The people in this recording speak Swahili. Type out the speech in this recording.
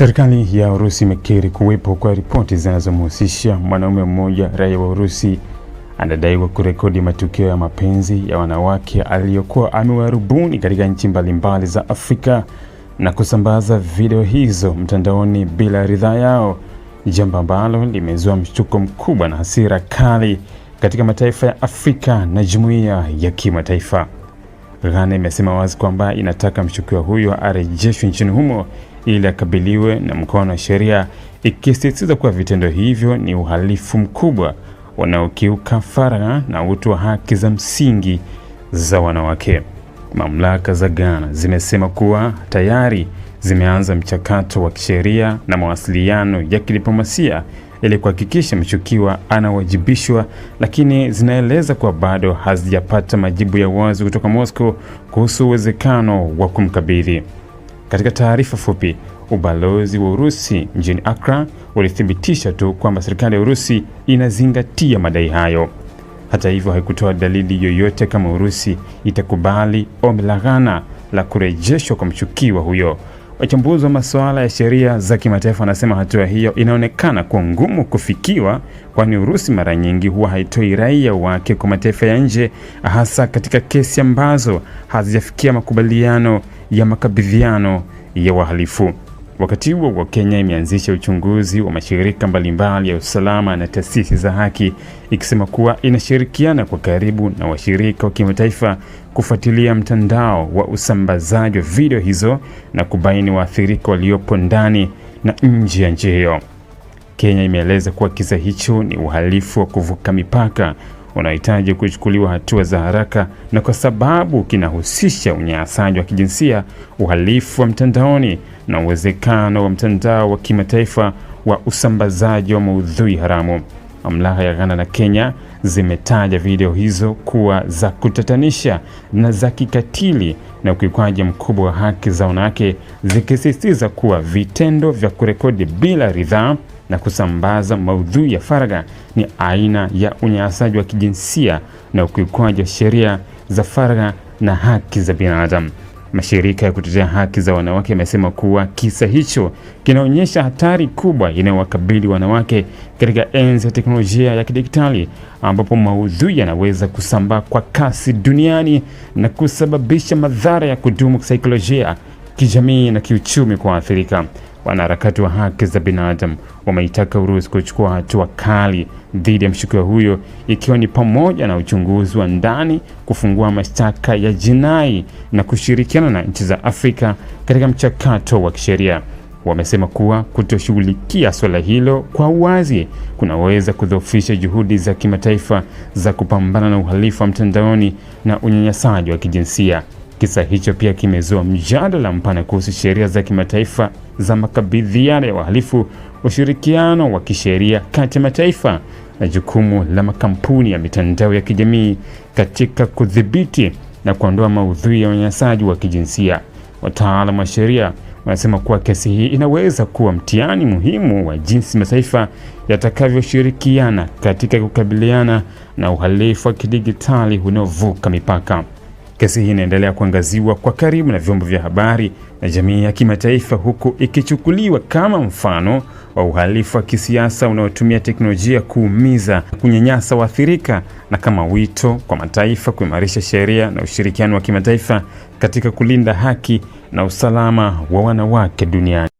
Serikali ya Urusi imekiri kuwepo kwa ripoti zinazomhusisha mwanaume mmoja raia wa Urusi anadaiwa kurekodi matukio ya mapenzi ya wanawake aliyokuwa amewarubuni katika nchi mbalimbali za Afrika na kusambaza video hizo mtandaoni bila ridhaa yao, jambo ambalo limezua mshtuko mkubwa na hasira kali katika mataifa ya Afrika na jumuiya ya kimataifa. Ghana imesema wazi kwamba inataka mshukiwa huyo arejeshwe nchini humo ili akabiliwe na mkono wa sheria, ikisisitiza kuwa vitendo hivyo ni uhalifu mkubwa unaokiuka faragha na utu wa haki za msingi za wanawake. Mamlaka za Ghana zimesema kuwa tayari zimeanza mchakato wa kisheria na mawasiliano ya kidiplomasia ili kuhakikisha mshukiwa anawajibishwa, lakini zinaeleza kuwa bado hazijapata majibu ya wazi kutoka Moscow kuhusu uwezekano wa kumkabidhi. Katika taarifa fupi, ubalozi wa Urusi mjini Accra ulithibitisha tu kwamba serikali ya Urusi inazingatia madai hayo. Hata hivyo, haikutoa dalili yoyote kama Urusi itakubali ombi la Ghana la kurejeshwa kwa mshukiwa huyo Wachambuzi wa masuala ya sheria za kimataifa wanasema hatua hiyo inaonekana kuwa ngumu kufikiwa, kwani Urusi mara nyingi huwa haitoi raia wake kwa mataifa ya nje, hasa katika kesi ambazo hazijafikia makubaliano ya makabidhiano ya wahalifu. Wakati huo wa Kenya imeanzisha uchunguzi wa mashirika mbalimbali ya usalama na taasisi za haki ikisema kuwa inashirikiana kwa karibu na washirika wa kimataifa kufuatilia mtandao wa usambazaji wa video hizo na kubaini waathirika waliopo ndani na nje ya nchi hiyo. Kenya imeeleza kuwa kisa hicho ni uhalifu wa kuvuka mipaka unahitaji kuchukuliwa hatua za haraka, na kwa sababu kinahusisha unyanyasaji wa kijinsia, uhalifu wa mtandaoni na uwezekano wa mtandao wa kimataifa wa usambazaji wa maudhui haramu. Mamlaka ya Ghana na Kenya zimetaja video hizo kuwa za kutatanisha na za kikatili na ukiukwaji mkubwa wa haki za wanawake, zikisisitiza kuwa vitendo vya kurekodi bila ridhaa na kusambaza maudhui ya faragha ni aina ya unyanyasaji wa kijinsia na ukiukwaji wa sheria za faragha na haki za binadamu. Mashirika ya kutetea haki za wanawake yamesema kuwa kisa hicho kinaonyesha hatari kubwa inayowakabili wanawake katika enzi ya teknolojia ya kidijitali ambapo maudhui yanaweza kusambaa kwa kasi duniani na kusababisha madhara ya kudumu kisaikolojia, kijamii na kiuchumi kwa waathirika. Wanaharakati wa haki za binadamu wameitaka Urusi kuchukua hatua kali dhidi ya mshukiwa huyo ikiwa ni pamoja na uchunguzi wa ndani, kufungua mashtaka ya jinai na kushirikiana na nchi za Afrika katika mchakato wa kisheria. Wamesema kuwa kutoshughulikia suala hilo kwa uwazi kunaweza kudhoofisha juhudi za kimataifa za kupambana na uhalifu wa mtandaoni na unyanyasaji wa kijinsia. Kisa hicho pia kimezua mjadala mpana kuhusu sheria za kimataifa za makabidhiano ya wahalifu, ushirikiano wa kisheria kati ya mataifa na jukumu la makampuni ya mitandao ya kijamii katika kudhibiti na kuondoa maudhui ya unyanyasaji wa kijinsia. wataalam wa sheria wanasema kuwa kesi hii inaweza kuwa mtihani muhimu wa jinsi mataifa yatakavyoshirikiana katika kukabiliana na uhalifu wa kidigitali unaovuka mipaka. Kesi hii inaendelea kuangaziwa kwa karibu na vyombo vya habari na jamii ya kimataifa, huku ikichukuliwa kama mfano wa uhalifu wa kisiasa unaotumia teknolojia kuumiza, kunyanyasa waathirika na kama wito kwa mataifa kuimarisha sheria na ushirikiano wa kimataifa katika kulinda haki na usalama wa wanawake duniani.